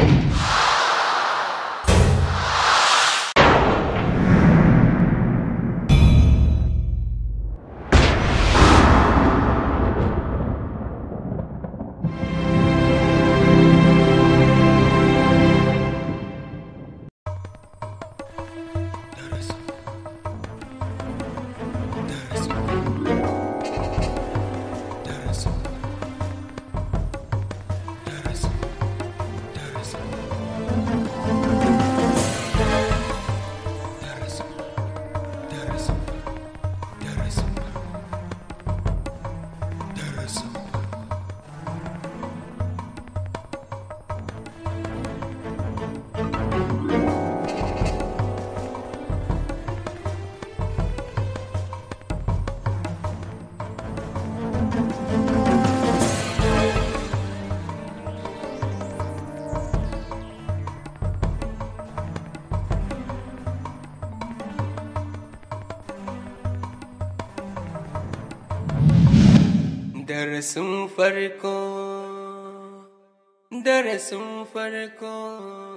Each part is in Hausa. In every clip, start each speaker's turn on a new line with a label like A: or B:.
A: Oh. Darasum Farko Darasum Farko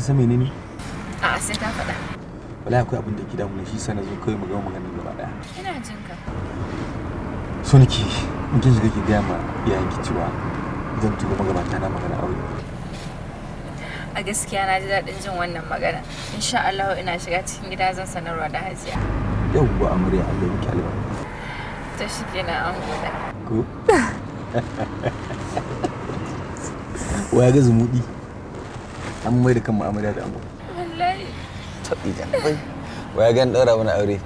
B: kin san menene
C: a sai ta faɗa
D: wala akwai abin da ke damu shi sana zo kai mu gama maganar gaba daya ina jin ka so nake in kin shiga ki gaya ma iyayen ki cewa zan tuba magabata na magana aure
C: a gaskiya na ji daɗin jin wannan magana insha Allah ina shiga cikin gida zan sanarwa da hajiya
D: yawwa amarya Allah ya miki
C: ta shige na an gode
D: ko wa ga zumudi an mai da kan mu'amala da ango wallahi tabi bai. kai waya gan daura mana aure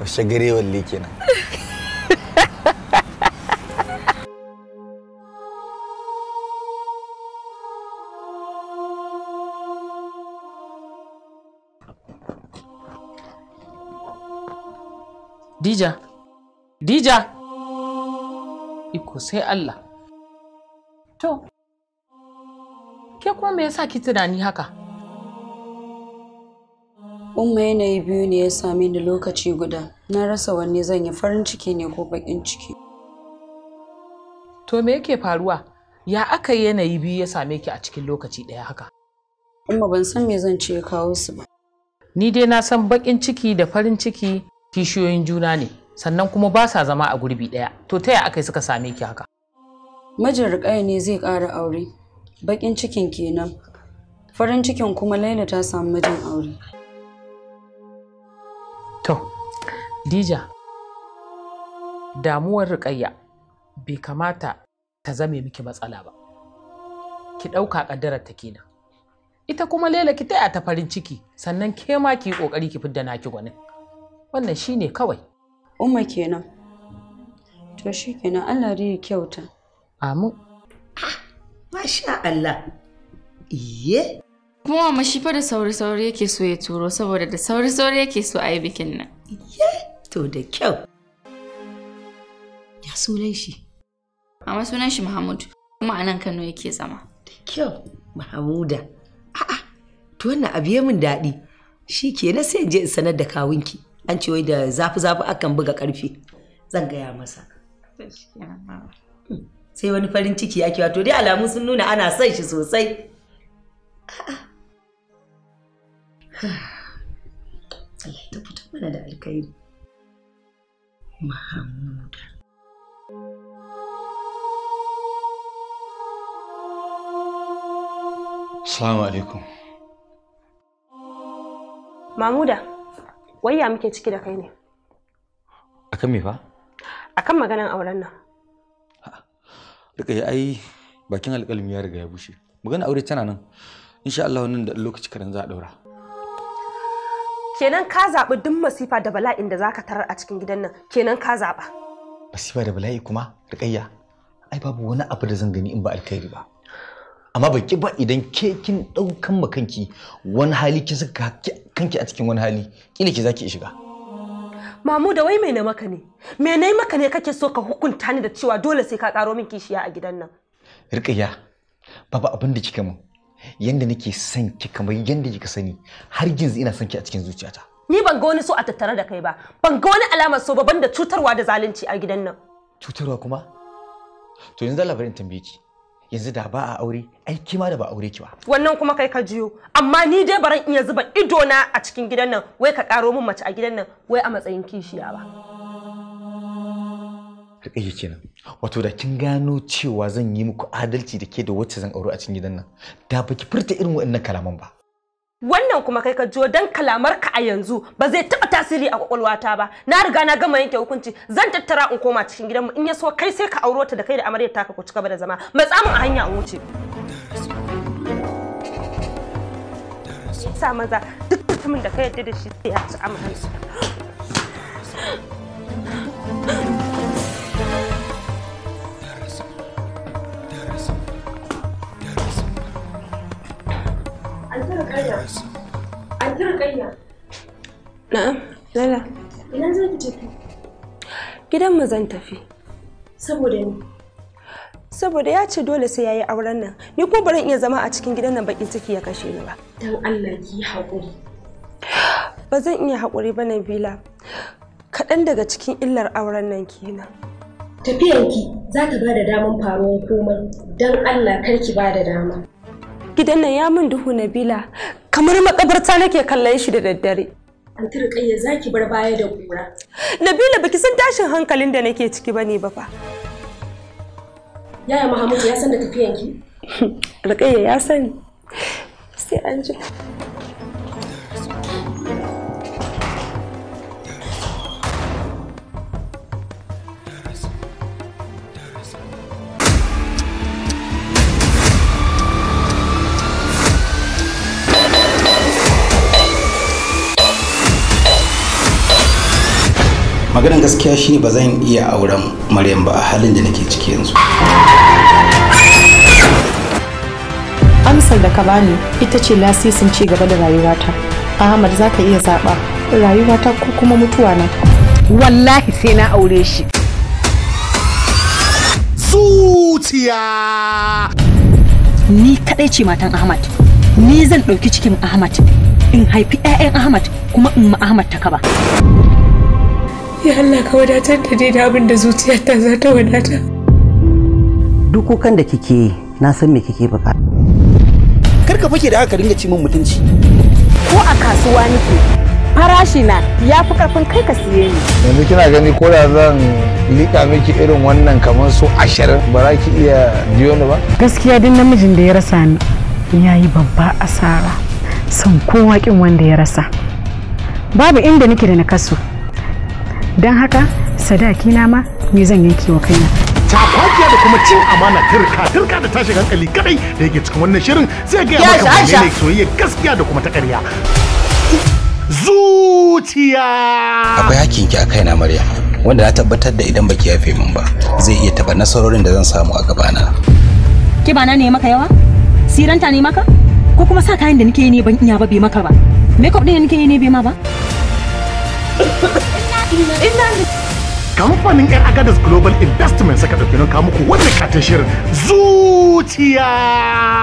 D: washe gare walle kenan
E: Dija, Dija, iko sai Allah. To, Ke kuma me yasa ki tunani haka?
C: Umma yanayi biyu ne ya same ni lokaci guda. Na rasa wanne zan yi farin ciki ne ko baƙin ciki. To me
E: yake faruwa? Ya aka yi yanayi biyu ya same ki a cikin lokaci ɗaya haka? Umma ban san me zan
C: ce ya kawo su ba.
E: Ni dai na san bakin ciki da farin ciki kishiyoyin juna ne, sannan kuma ba sa zama a gurbi ɗaya. To ta ya aka suka same ki haka?
C: Majin ne zai ƙara aure, baƙin cikin kenan farin cikin
E: kuma laila ta samu mijin aure to dija damuwar riƙayya bai kamata ta zame miki matsala ba ki ɗauka ƙaddarar ta kenan ita kuma laila ki taya ta farin ciki sannan ke ma ki ƙoƙari ki fidda naki gwanin wannan shine kawai umma kenan to shi kenan allah ya kyauta amin
C: ah, Masha Allah.
E: Iye.
C: Kuma ma shi fa da sauri-sauri yake so ya turo saboda da sauri-sauri yake so a yi bikin nan. Iye, to da kyau. Ya sunan shi. Amma sunan shi Muhammad kuma a nan Kano yake zama. Da kyau, Mahamuda. A'a, to wannan abu ya min daɗi. Shi ke na sai je in sanar da kawunki. An ce wai da
F: zafi-zafi akan buga karfe Zan gaya masa. Gaskiya. sai wani farin ciki yake wato dai alamu sun nuna ana son shi sosai
G: Allah ya tabbata mana da alkhairi Mahamuda Assalamu alaikum
F: wai wayya muke ciki da kai ne Akan me fa Akan maganan auren nan
D: duka ya ai bakin alƙalmi ya riga ya bushe magana aure tana nan insha Allah nan da lokaci karan za a daura
F: kenan ka zaɓi duk masifa da bala'in da zaka tarar a cikin gidan nan kenan ka zaɓa
D: masifa da bala'i kuma riƙayya ai babu wani abu da zan gani in ba alkhairi ba amma ba ki ba idan ke kin ɗaukan kanki wani hali ki saka kanki a cikin wani hali kila ki zaki shiga
F: Mamu da wai mai na maka ne? Me na maka ne kake so ka hukunta ni da cewa dole sai ka karo min kishiya a gidan nan?
D: Riƙiya, babu abin da kika mu, Yanda nake son ki kamar yanda kika sani, har yanzu ina son ki a cikin zuciyata.
F: Ni ban ga wani so a tattare da kai ba, ban ga wani alamar so ba banda cutarwa da zalunci a gidan nan.
D: Cutarwa kuma? To yanzu labarin tambaye ki. yanzu da ba a aure ai kima da ba aure ki ba
F: wannan kuma kai ka jiyo amma ni dai baran iya zuba ido na a cikin gidan nan wai ka karo min mace a gidan nan wai a matsayin kishiya
E: ba
D: Rikaiya kenan wato da kin gano cewa zan yi muku adalci da ke da wacce zan aure a cikin gidan nan da baki furta irin waɗannan kalaman ba
F: wannan kuma kai ka jiyo dan kalamar ka a yanzu ba zai taba tasiri a kwakwalwata ba na riga na gama yanke hukunci zan tattara in koma cikin gidanmu in ya so kai sai ka auro da kai da amaryar taka ku cika da zama matsamin a hanya in wuce sa maza duk mutumin da ka yadda da shi sai ya ci amansa Na'am, Lala. Ina za ki tafi? zan tafi. Saboda ya ce dole sai yayi auren nan. Ni ko baran iya zama a cikin gidan nan bakin ciki ya kashe ni ba. Dan Allah ki haƙuri. Ba zan iya haƙuri ba Nabila. Kaɗan daga cikin illar auren nan kenan.
G: Tafiyanki za ta ba da daman faruwar
F: komai. Dan Allah kar ki ba da dama. gidan nan ya min duhu Nabila kamar makabarta nake kallon shi da daddare.
G: Anti za zaki bar baya da kura.
F: Nabila baki san tashin hankalin da nake ciki bane ba fa.
G: Yaya Muhammadu ya san da tafiyanki?
F: Rakayya ya sani. Sai an ji.
D: maganin gaskiya shi ba zan iya auren maryam ba a halin da nake ciki yanzu
F: amsar da ka bani ita ce lasisin ci gaba da rayuwata ahmad za ka iya zaɓa rayuwata ko kuma mutuwa na
B: wallahi sai na aure shi zuciya ni kadai ce matan ahmad ni zan ɗauki
E: cikin ahmad in haifi 'ya'yan ahmad kuma in ma ahmad ta kaba ya Allah ka wadatar da dai da abin da zuciyarta za ta wadata
F: duk kukan da kike na san me kike baka.
E: kar ka fake da haka ringa ci min
F: mutunci ko a kasuwa nake farashi na ya fi karfin kai ka siye ni
D: yanzu kina gani ko da zan lika miki irin wannan kamar so ashirin ba za ki
A: iya biyo ni ba
C: gaskiya duk namijin da ya rasa ni ya yi babba asara san kowa kin wanda ya rasa babu inda nake da na kaso don haka sadaki na ma ni zan yanke wa kaina
B: tafakiya da kuma cin amana turka turka da tashi hankali kadai da yake cikin wannan shirin zai gaya maka menene soyayya gaskiya da kuma ta ƙarya zuciya akwai ki a
D: kaina maryam wanda na tabbatar da idan baki yafe min ba zai iya taba nasarorin da zan samu a gabana
F: ki na ne maka yawa siranta ne maka ko kuma sa kayan da nake yi ne ban iya ba bai maka ba makeup din da nake yi ne bai ma ba
B: kamfanin yan agadas global investment saka ɗauki nan muku wannan katin shirin zuciya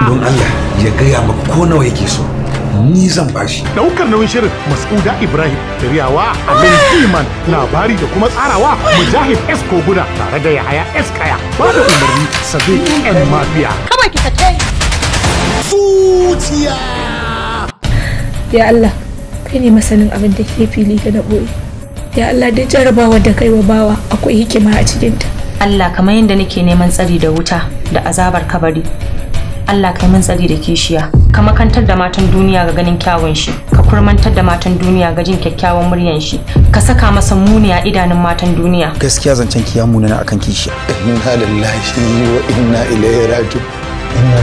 B: don allah ya gaya ma ko nawa yake so ni zan bashi ɗaukar nauyin shirin mas'uda ibrahim shiryawa amin kiman labari da kuma tsarawa mujahid s koguna tare da yahaya s kaya ba da umarni sabi yan mafiya kawai ki tace zuciya
C: ya allah kai ne masanin abin da ke fili da na boye ya Allah da
F: jarabawa da kai wa bawa akwai hikima a cikinta Allah kamar yadda nake neman tsari da wuta da azabar kabari Allah kai mun tsari da kishiya ka makantar da matan duniya ga ganin kyawun shi ka kurmantar da matan duniya ga jin kyakkyawan muryan shi ka saka masa muni a idanun matan duniya
D: gaskiya zancen ki ya na akan kishiya inna lillahi wa
B: inna ilaihi raji'un inna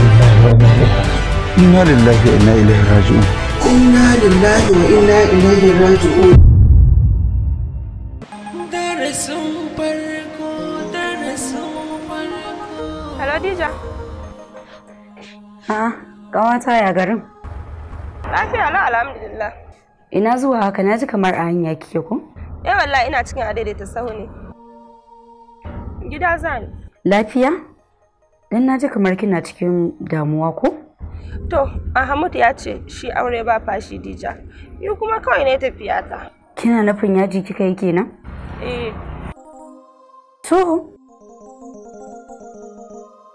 B: lillahi wa inna ilaihi raji'un
G: inna lillahi wa inna ilaihi raji'un
F: Khadija.
C: A'a, ah, ƙawata ya garin.
F: Lafiya na alhamdulillah.
C: Ina zuwa haka Naji kamar a hanya kike ko?
F: Eh wallahi ina cikin adaidaita sahu ne. Gida zan.
C: Lafiya? Dan na ji kamar kina cikin damuwa ko?
F: To, Ahmadu ya ce shi aure ba fashi Dija. Ni kuma kawai ne tafiya ta.
C: Kina nufin yaji kika yi kenan? Eh. To,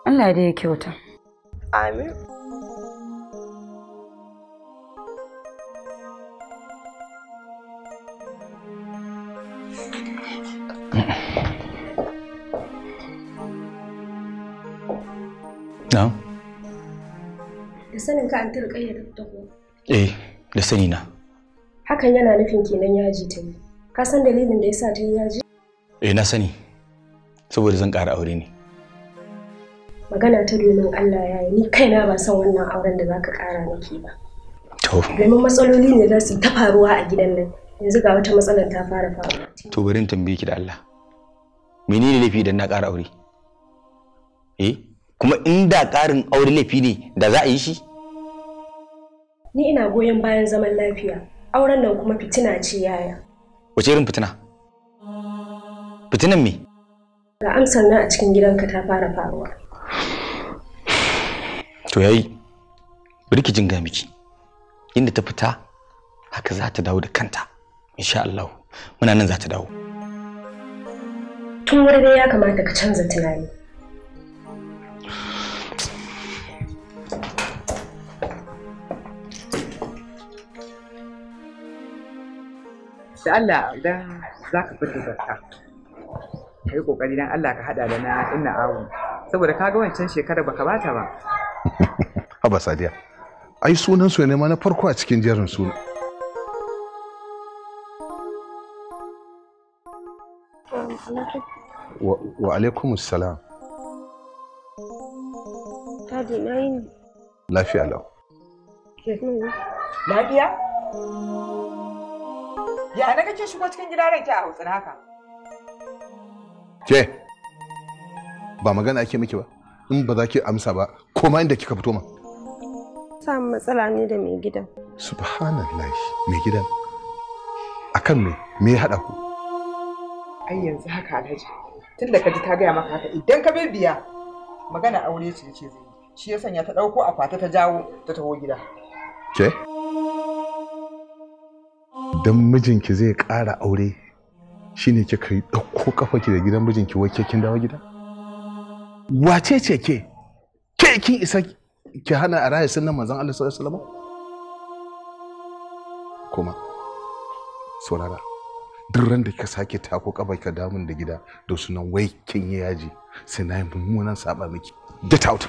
C: Allah da ya kyauta.
G: Amin. Na? Da sanin ka an tilƙayya da fitaho.
D: Eh, da sani na.
G: Hakan yana nufin kenan yaji ta yi. Ka san dalilin da ya sa ta yi yaji?
D: Eh, na sani. Saboda zan ƙara aure ne.
G: magana ta domin Allah ya yi ni kaina ba san wannan auren da zaka kara nake ba to domin matsaloli ne za su ta faruwa a gidan nan yanzu ga wata matsalar ta fara faruwa
D: to bari in tambaye ki da Allah menene laifi idan na ƙara aure eh kuma inda ƙarin aure laifi ne da za a yi shi
G: ni ina goyon bayan zaman lafiya auren nan kuma fitina ce yaya
D: wace irin fitina fitinan me
G: ga amsar nan a cikin gidanka ta fara faruwa
D: to yayi bari ki jinga miki inda ta fita haka za ta dawo da kanta insha Allah muna nan za ta dawo
G: tun wuri ya kamata ka canza tunani
E: da Allah da za ka fito da ka yi kokari dan Allah ka hada da na inna awu saboda ka ga wancan shekarar baka bata ba
B: haba sadiya ai sunan su ne ma na farko a cikin jerin suna wa alaikum salam
C: Tadi na yi
B: Lafiya lau. Lafiya?
C: Ya na kake shigo cikin gidaren ki a hausa haka?
B: Ke, ba magana ake miki ba, in ba za ki amsa ba, koma inda kika fito ma.
F: Samun matsala ne da mai gidan.
B: Subhanallah, mai gidan. kan me, me ya haɗa ku?
F: Ai yanzu haka alhaji, tun da kaji ta gaya maka haka idan ka biya magana
D: aure ce ce zai shi ya sanya ta ɗauko akwata ta jawo ta taho gida.
B: Ke? Dan mijinki zai ƙara aure shine kika yi dauko kafa da gidan mijinki wai kin dawo gida wace ce ke ke kin isa ki hana a raya sunan manzon Allah sallallahu alaihi wasallam kuma sorara duk ran da ka sake tako kafa ka damun da gida da sunan wai kin yi yaji sai na yi mummunan saba miki get out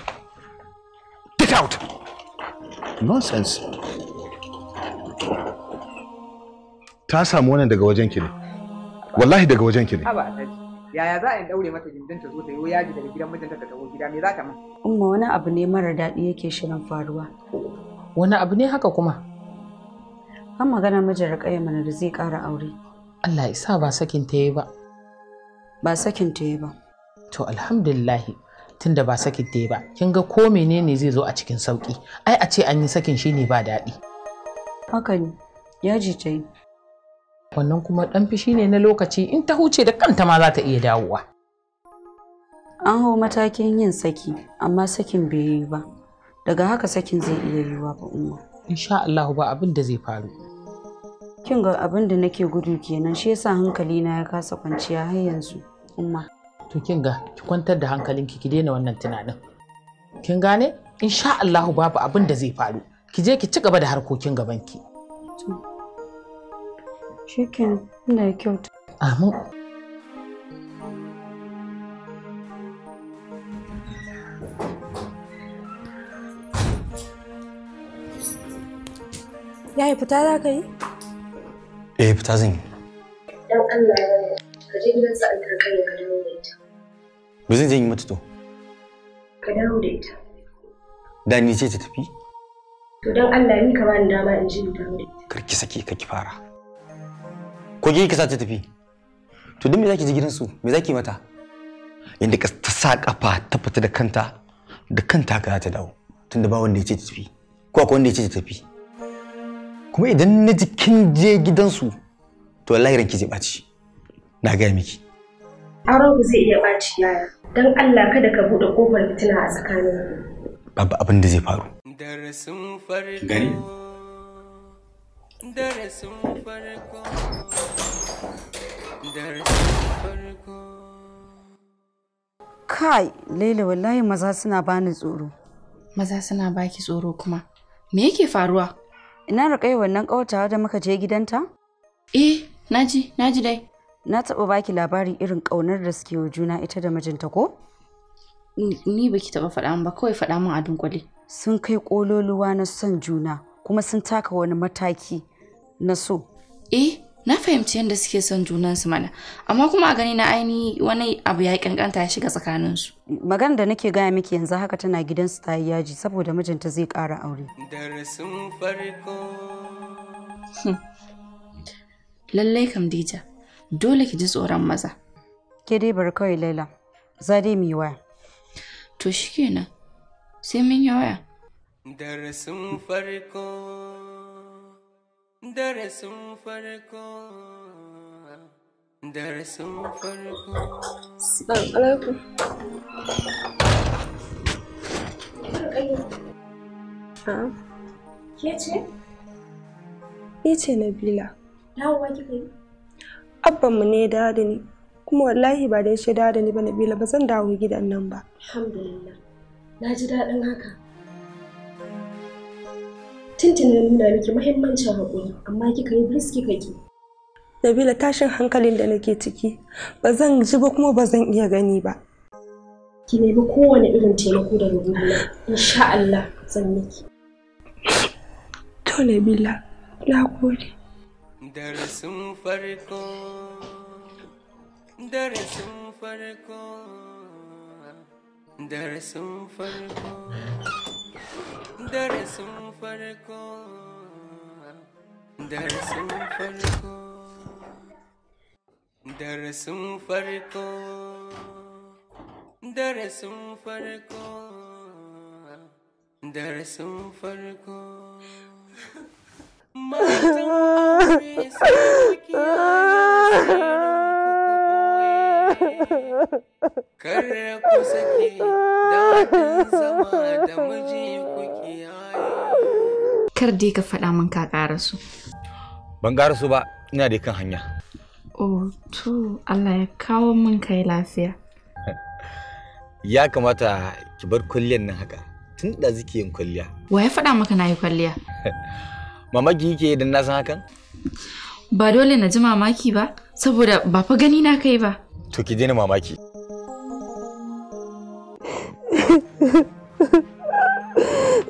B: get out nonsense ta samu wannan daga wajen ki ne wallahi daga wajen ki ne
E: haba yaya za a yi daure mata gindin ta zo ta yi yaji daga gidan mijinta ta tawo gida me za ta min
C: umma wani abu ne mara daɗi yake shirin faruwa wani abu ne haka kuma an magana mijin raƙaya mana da zai ƙara aure
E: Allah ya sa ba sakin ta yi ba ba sakin ta yi ba to alhamdulillahi tunda ba sakin ta yi ba kin ga ko menene zai zo a cikin sauki ai a ce an yi sakin shine ba daɗi haka ne yaji ta yi wannan kuma ɗan fishi ne na lokaci in ta huce da kanta ma za ta iya dawowa an hau matakin yin saki
C: amma sakin bai yi ba daga haka sakin zai iya yiwa ba umma insha Allah ba
E: abin da zai faru
C: kin ga abin da nake gudu kenan shi yasa hankali na ya
E: kasa kwanciya har yanzu umma to kin ga ki kwantar da hankalinki ki daina wannan tunanin kin gane insha Allah babu abin da zai faru ki je ki ci gaba da harkokin gabanki
C: to Shikin ina da kyauta.
E: Amin.
F: Ya yi fita za ka yi?
D: Eh fita zan yi.
G: Dan Allah ya ka je gidan sa'an karkar ya ka dawo da ita.
D: Ba zan je yi mata to?
G: Ka dawo da ita.
D: Da ni ce ta tafi?
G: To dan Allah ni ka bani dama in je in dawo da ita.
D: Karki saki ka ki fara. ko ki sa ta tafi to duk me zaki ji gidansu me zaki mata inda ka ta sa kafa ta fita da kanta da kanta ka za ta dawo tunda ba wanda ya ce ta tafi ko akwai wanda ya ce ta tafi kuma idan na ji kin je gidansu to wallahi ranki zai ɓaci na gaya miki
G: aro ba zai iya ɓaci yaya don Allah kada ka buɗe ƙofar fitina
A: a tsakanin
D: babu abin da zai faru gani
A: darasin farko darasin farko
C: kai laila wallahi maza suna bani tsoro maza suna baki tsoro kuma me yake faruwa ina rikai wannan ƙautawa da muka je gidanta eh naji naji dai na taɓa baki labarin irin ƙaunar da suke wa juna ita da mijinta ko ni baki taɓa faɗa min ba kawai faɗa min a dunkule sun kai ƙololuwa na son juna kuma sun taka wani mataki na so eh na fahimci yadda suke son junansu mana amma kuma a gani na ainihi wani abu ya kankanta ya shiga tsakaninsu magana da nake gaya miki yanzu haka tana gidansu ta yi yaji saboda mijinta zai ƙara aure
A: darasin farko
C: hmm. lallai kam dole ki ji tsoron maza ke dai kawai za dai mu waya to shi kenan, sai mun yi waya
A: darasin farko darasin farko darasin farko salamu alaikum
G: ke ce?
F: ke ce nabila
G: dawowa kika yi?
F: abbanmu ne dadi ne kuma wallahi ba da ya ce dadi ne ba nabila ba zan dawo gidan nan ba
G: alhamdulillah na ji daɗin haka
F: tuntuni na nuna miki
G: muhimmancin haƙuri amma kika yi bilis kika ki
F: Nabila tashin hankalin da nake ciki ba zan ji ba kuma ba zan iya gani ba ki nemi kowane irin taimako da rubuta insha Allah zan miki to
G: Nabila na gode
A: darasin farko darasin farko darasin farko darasin farko darasin farko darasin farko darasin farko darasin farko matan aure sai kar ku sake daɗin zama da miji
C: kar dai ka faɗa min ka ƙara su.
D: Ban ƙara su ba, ina da kan hanya.
C: Oh, to Allah ya kawo min kai lafiya.
D: ya kamata ki bar kwalliyar nan haka, tun da zike yin kwalliya.
C: Wa ya faɗa maka na yi kwalliya?
D: Mamaki yake idan na san hakan?
C: Ba dole na ji mamaki ba, saboda ba fa gani na kai ba.
D: To ki daina mamaki.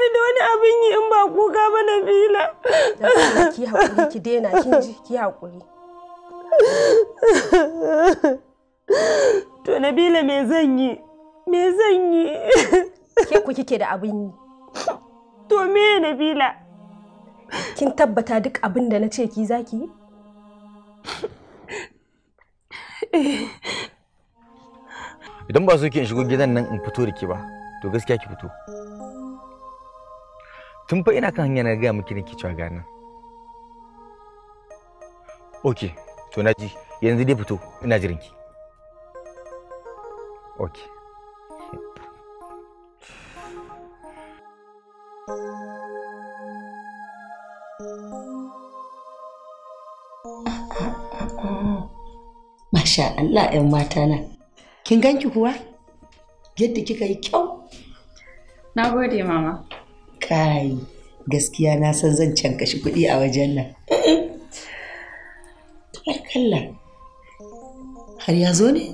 F: ni da wani abin yi in ba kuka ba na fila. ki haƙuri ki daina kin ji ki haƙuri to nabila me zan yi me zan yi ke ku kike da abin yi to me nabila kin tabbata duk abin da na ce ki zaki
D: yi idan ba so ke in shigo gidan nan in fito da ke ba to gaskiya ki fito tun fa ina kan hanya na gaya miki niki cewa gana ok to na ji yanzu dai fito ina jiran ki ok
C: Masha Allah 'yan mata nan. Kin ganki kuwa? Yadda kika yi kyau. Na gode mama. kai gaskiya na san zan cankashi kuɗi a wajen nan yar kalla
F: har ya zo ne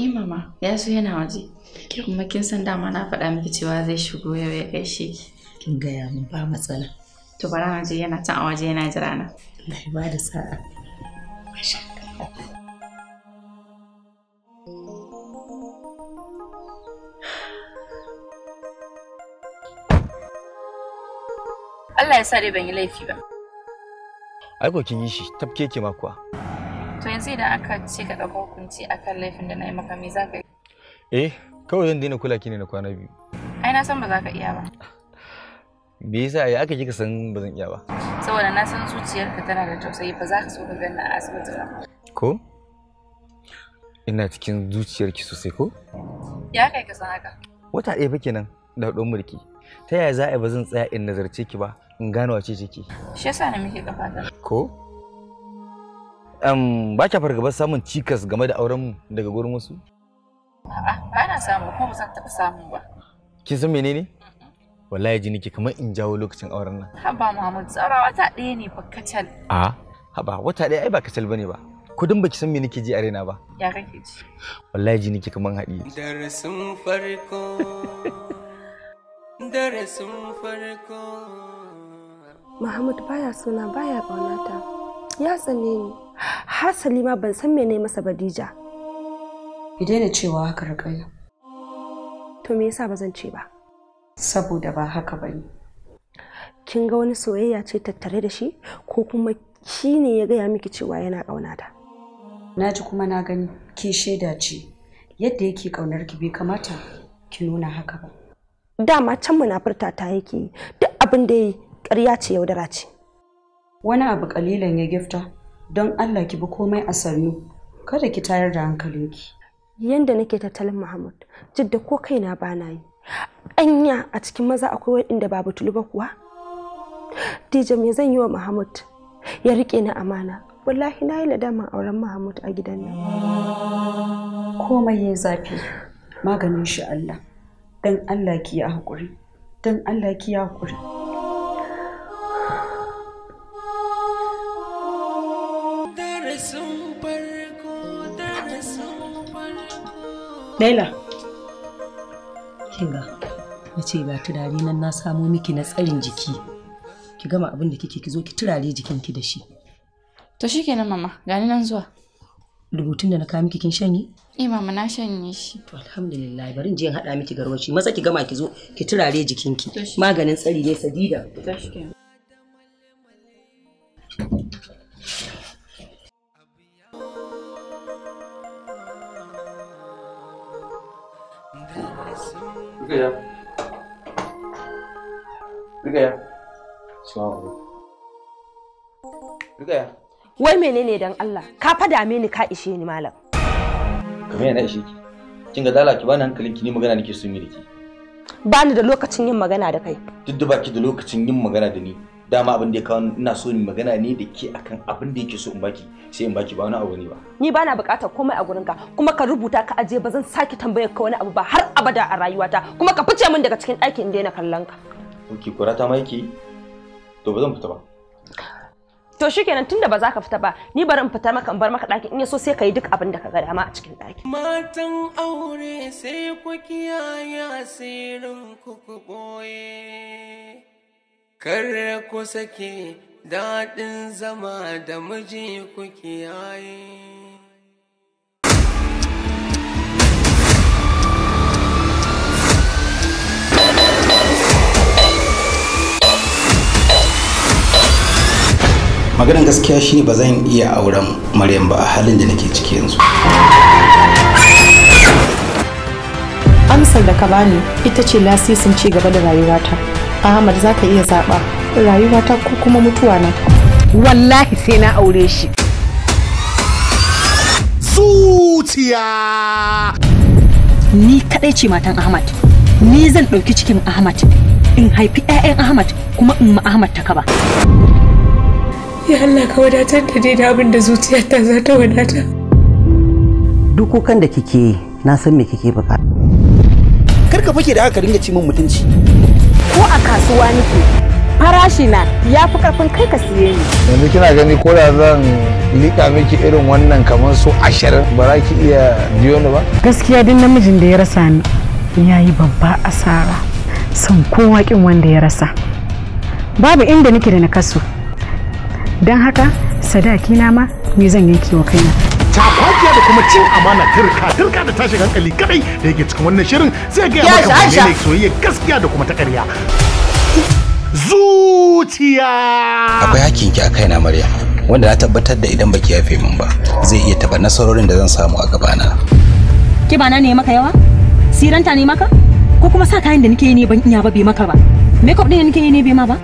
C: eh mama ya zo yana waje Ke kuma kin san dama na faɗa miki cewa zai shigo yau ya kai shi? kin gaya mun ba matsala to bara na je yana can a waje yana jira na Allah ya ba da sa'a masha Allah ya sa dai ban yi laifi ba
D: ai ko kin yi shi tafke ke ma kuwa
C: to yanzu idan aka ce ka ɗauka hukunci akan laifin da na yi maka me za ka yi
D: eh kawai zan daina kula ki ne na kwana biyu
C: ai na san ba za ka iya ba
D: me yasa ai aka kika san ba zan iya ba
C: saboda na san zuciyarka tana da tausayi ba za ka so ka ganna a asibiti ba
D: ko ina cikin zuciyarki sosai ko
C: ya kai ka san haka
D: wata ɗaya ba kenan da haɗuwar mulki ta yaya za a yi ba zan tsaya in nazarce ki ba in gano wace ce ke
C: shi yasa na muke kafa ta
D: ko um, ba kya fargaba samun cikas game da auren mu daga gurin wasu
C: a'a ba na samu kuma ba za ta taɓa samu ba
D: kin san menene wallahi ji nake kamar in jawo lokacin auren nan
C: haba Muhammad tsara wata ɗaya ne fa kacal
D: a haba wata ɗaya ai ba kacal bane ba kudin baki san me nake ji a raina ba
A: ya kake ji
D: wallahi ji nake kamar haɗi
A: darasin farko darasin farko
F: Muhammad baya suna baya ƙaunata ya tsane ni hasali ma ban san me mene masa badija
C: ki daina cewa haka rakai.
F: to me yasa ba zan ce ba saboda ba haka bane kin ga wani soyayya ce tattare da shi ko kuma shi ne ya gaya miki cewa yana ƙaunata
C: na ji kuma na gani ke shaida ce yadda yake ƙaunar ki bai kamata
F: ki nuna haka ba dama can furta ta yake yi duk abin da yi ƙarya ce yaudara ce wani abu kalilan ya gifta don allah ki bi komai a sannu kada ki tayar da hankalinki yanda nake tattalin muhammad jidda ko kaina ba na yi anya a cikin maza akwai waɗanda ba butulu ba kuwa dija me zan yi wa muhammad ya riƙe ni amana wallahi na yi ladaman auren muhammad a gidan nan komai ya zafi
C: maganin shi allah don Allah ki ya haƙuri don Allah ki ya haƙuri
F: Laila kinga na ce ga turare nan na samo miki na tsarin jiki
C: ki gama abin da kike ki zo ki turare jikinki da shi to shikenan mama gani nan zuwa rubutun da na kawo miki kin shanye? Eh mama na shanye shi. To alhamdulillah bari in
F: je in hada miki garwashi ki gama ki zo ki turare jikinki. Maganin tsari ne sadida.
A: Rigaya. Rigaya.
F: wai menene dan Allah ka fada mini ka ishe ni malam
D: kamar yana ishe ki kin ga dala ki bani hankalin ki ni magana nake so mi da ki
F: bani da lokacin yin magana da kai
D: duk da baki da lokacin yin magana da ni dama abin da ya kawo ina so ni magana ne da ke akan abin da yake so in baki sai in baki ba wani abu ne ba
F: ni bana bukatar komai a gurinka kuma ka rubuta ka aje ba zan sake tambayar ka wani abu ba har abada a rayuwata kuma ka fice min daga cikin ɗakin in daina kallon ka.
D: ki kurata ma yake to ba zan fita ba.
F: to shikenan tunda ba za ka fita ba ni bari in fita maka in bar maka ɗakin in ya so sai ka yi duk abin da ka ga dama a cikin ɗakin.
A: matan aure sai ku kiyaye asirin ku ku ɓoye kar ku sake daɗin zama da miji ku kiyaye.
D: magadan gaskiya shine ba zan iya auren maryam ba a halin da nake ciki yanzu
F: amsar da ka bani ita ce lasisin ci gaba da rayuwata ahmad za ka iya zaɓa
B: rayuwata ko kuma mutuwa na wallahi sai na aure shi zuciya ni kadai ce matan ahmad ni zan ɗauki cikin ahmad in haifi 'ya'yan ahmad kuma in ma
E: ahmad ta kaba ya Allah ka wadatar da ni da abin da zuciyarta za ta wadata
F: duk kukan da kike yi na san me kike baka
D: kar ka fake da aka ringa ci min mutunci
F: ko a kasuwa nake farashi na ya fi karfin kai ka siye ni
D: yanzu kina gani ko da zan lika miki irin wannan kamar su ashirin ba za ki iya biyo ni ba
F: gaskiya
C: duk namijin da ya rasa ni ya yi babba asara san kowa kin wanda ya rasa babu inda nake da na kasu don haka sadaki na ma ne zan yanke wa
B: kaina tafakiya da kuma cin amana turka turka da tashi hankali kadai da yake cikin wannan shirin zai gaya maka menene soyayya gaskiya da kuma ta karya zuciya
D: akwai hakkin ki a kaina maryam wanda na tabbatar da idan baki yafe min ba zai iya taba nasarorin da zan samu a gabana
F: ki ba na ne maka yawa siranta ne maka ko kuma sa kayan da nake yi ne ban iya ba bai maka ba makeup din da nake yi ne bai ma ba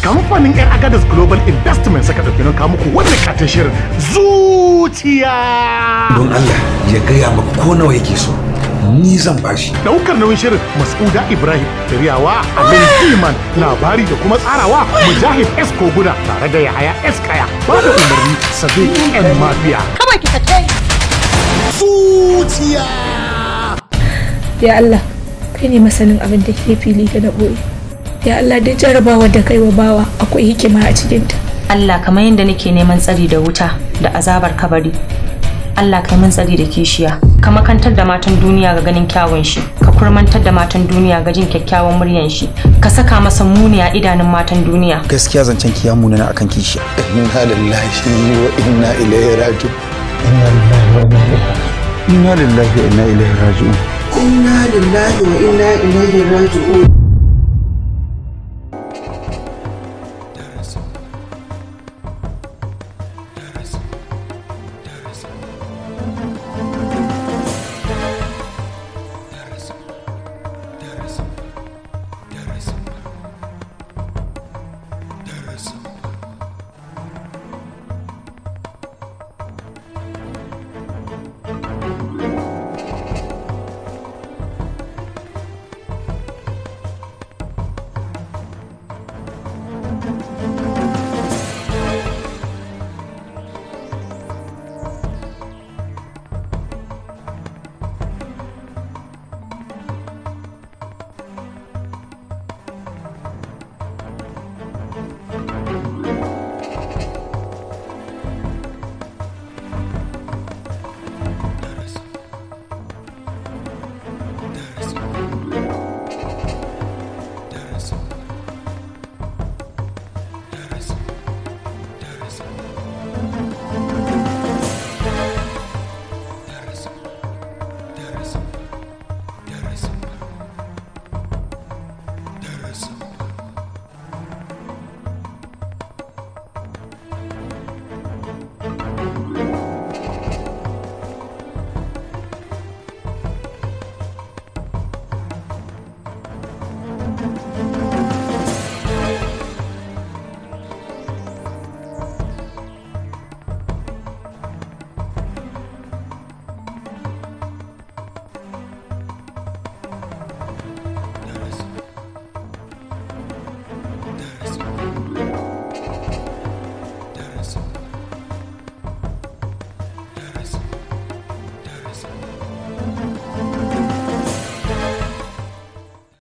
B: kamfanin yan agadas global investment saka ɗauki na kawo muku wannan katin shirin zuciya don allah ya gaya maka ko nawa yake so ni zan bashi daukar nauyin shirin mas'uda ibrahim shiryawa amin kiman labari da kuma tsarawa mujahid s koguna tare da yahaya s kaya ba da umarni sabi yan mafiya kama ki
C: zuciya ya allah kai ne masanin abin da ke fili da na ɓoye. ya Allah da jarabawa da kai wa bawa akwai hikima a cikinta
F: Allah kamar yadda nake neman tsari da wuta da azabar kabari Allah kai mun tsari da kishiya ka makantar da matan duniya ga ganin kyawun shi ka kurmantar da matan duniya ga jin kyakkyawan muryan shi ka saka masa muni a idanun matan duniya
D: gaskiya zancen kiya munana akan kishiya
B: inna lillahi wa inna ilaihi raji'un inna lillahi wa inna ilaihi inna lillahi wa inna ilaihi raji'un inna lillahi wa inna ilaihi raji'un
A: Awesome.